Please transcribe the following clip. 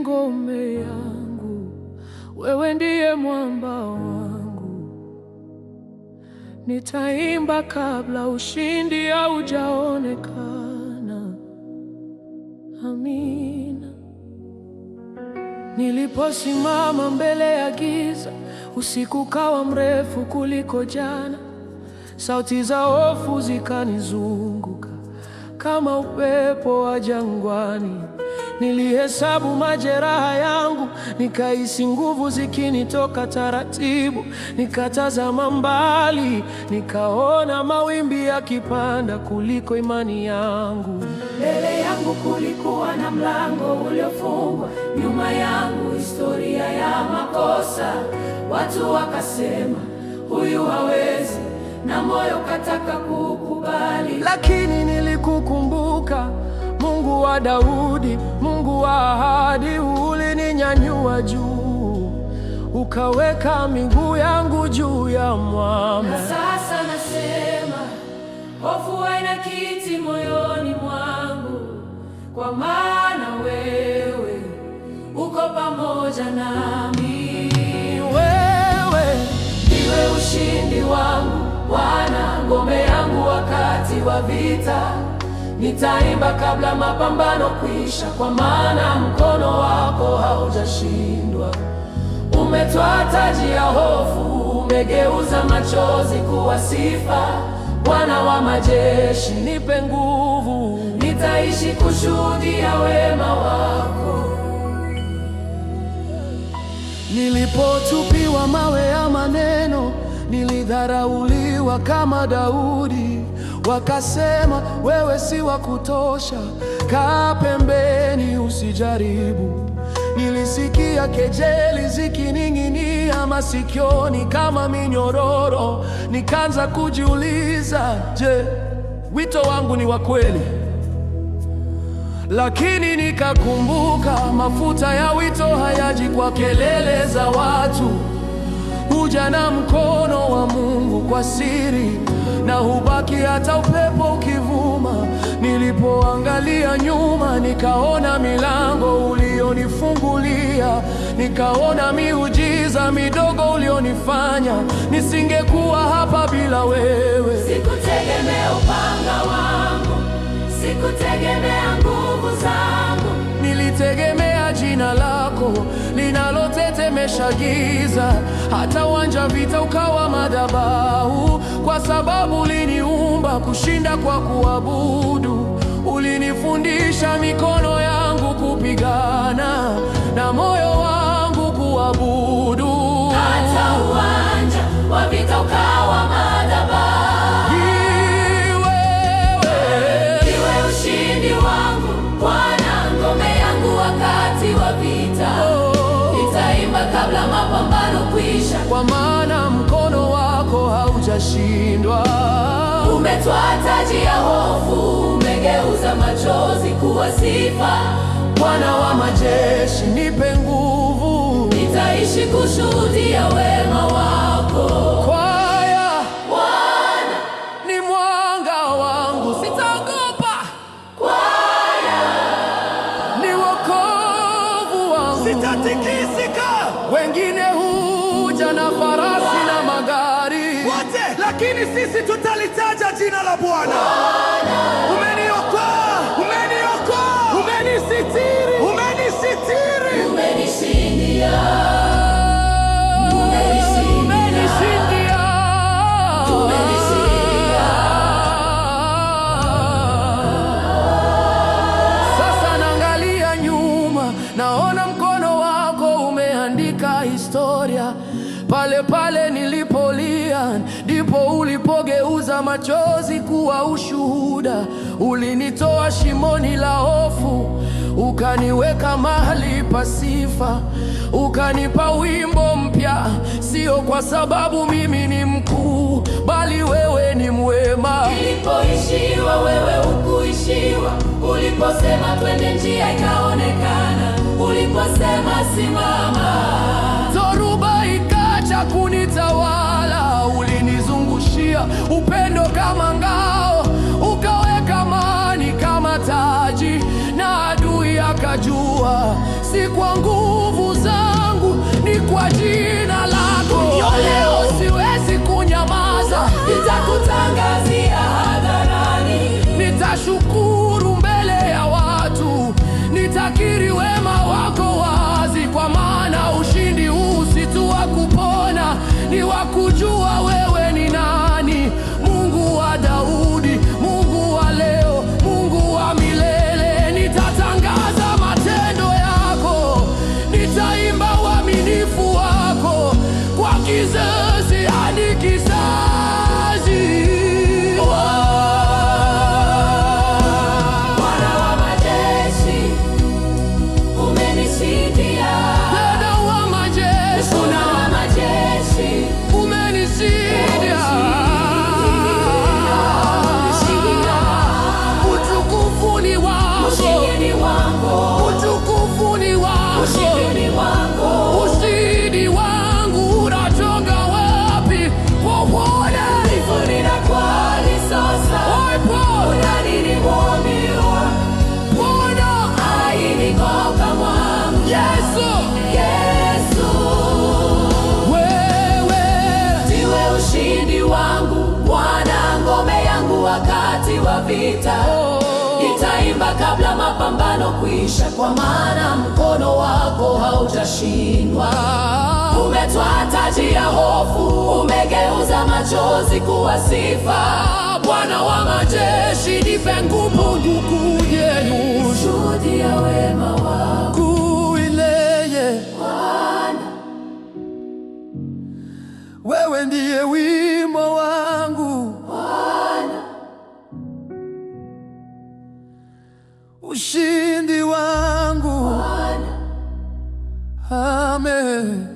ngome yangu, wewe ndiye mwamba wangu. Nitaimba kabla ushindi haujaonekana. Amina. Niliposimama mbele ya giza, usiku kawa mrefu kuliko jana, sauti za hofu zikanizungu kama upepo wa jangwani. Nilihesabu majeraha yangu, nikahisi nguvu zikinitoka taratibu. Nikatazama mbali, nikaona mawimbi yakipanda kuliko imani yangu. Mbele yangu kulikuwa na mlango uliofungwa, nyuma yangu historia ya makosa. Watu wakasema huyu hawezi, na moyo kataka kukubali, lakini wa Daudi, Mungu wa ahadi, ulininyanyua juu, ukaweka miguu yangu juu ya mwamba. Na sasa nasema, hofu haina kiti moyoni mwangu, kwa maana wewe uko pamoja nami. Wewe ndiwe ushindi wangu, Bwana ngome yangu wakati wa vita. Nitaimba kabla mapambano kuisha, kwa maana mkono wako haujashindwa. Umetwaa taji ya hofu, umegeuza machozi kuwa sifa. Bwana wa majeshi, nipe nguvu, nitaishi kushuhudia wema wako. Nilipotupiwa mawe ya maneno, nilidharauliwa kama Daudi wakasema wewe si wa kutosha, kaa pembeni usijaribu. Nilisikia kejeli zikining'inia masikioni kama minyororo, nikaanza kujiuliza, je, wito wangu ni wa kweli? Lakini nikakumbuka mafuta ya wito hayaji kwa kelele za watu huja na mkono wa Mungu kwa siri na hubaki hata upepo ukivuma. Nilipoangalia nyuma, nikaona milango ulionifungulia, nikaona miujiza midogo ulionifanya. Nisingekuwa hapa bila wewe. Sikutegemea upanga wangu, sikutegemea nguvu zangu, nilitegemea jina lako lako linalotetemesha giza, hata uwanja vita ukawa madhabahu, kwa sababu uliniumba kushinda kwa kuabudu, ulinifundisha mikono yangu kupigana unashindwa. Umetoa taji ya hofu, umegeuza machozi kuwa sifa. Bwana wa majeshi, nipe nguvu, nitaishi kushuhudia wema wako. Kwaya, Bwana ni mwanga wangu, sitaogopa. Kwaya ni wokovu wangu, sitatikisika. Wengine huja na farasi lakini sisi tutalitaja jina la Bwana. Umeni machozi kuwa ushuhuda. Ulinitoa shimoni la hofu, ukaniweka mahali pa sifa, ukanipa wimbo mpya, sio kwa sababu mimi ni mkuu, bali wewe ni mwema. Nilipoishiwa wewe hukuishiwa, uliposema twende njia ikaonekana, uliposema simama dhoruba ikacha kunitawala, ulinizungushia upe kutisha, kwa maana mkono wako hautashindwa. Umetwaa taji ya hofu, umegeuza machozi kuwa sifa. Bwana wa majeshi, nipe nguvu, nukuu yenu ushindi wangu Amen.